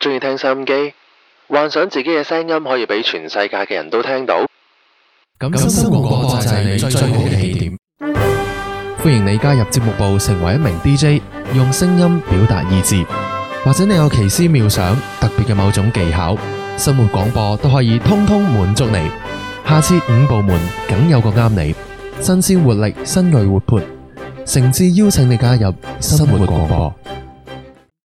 中意聽收音機，幻想自己嘅聲音可以俾全世界嘅人都聽到。咁，新活廣播就係你最好嘅起點。歡迎你加入節目部，成為一名 DJ，用聲音表達意志。或者你有奇思妙想、特別嘅某種技巧，新活廣播都可以通通滿足你。下次五部門梗有個啱你，新鮮活力、新銳活潑，誠摯邀請你加入新活廣播。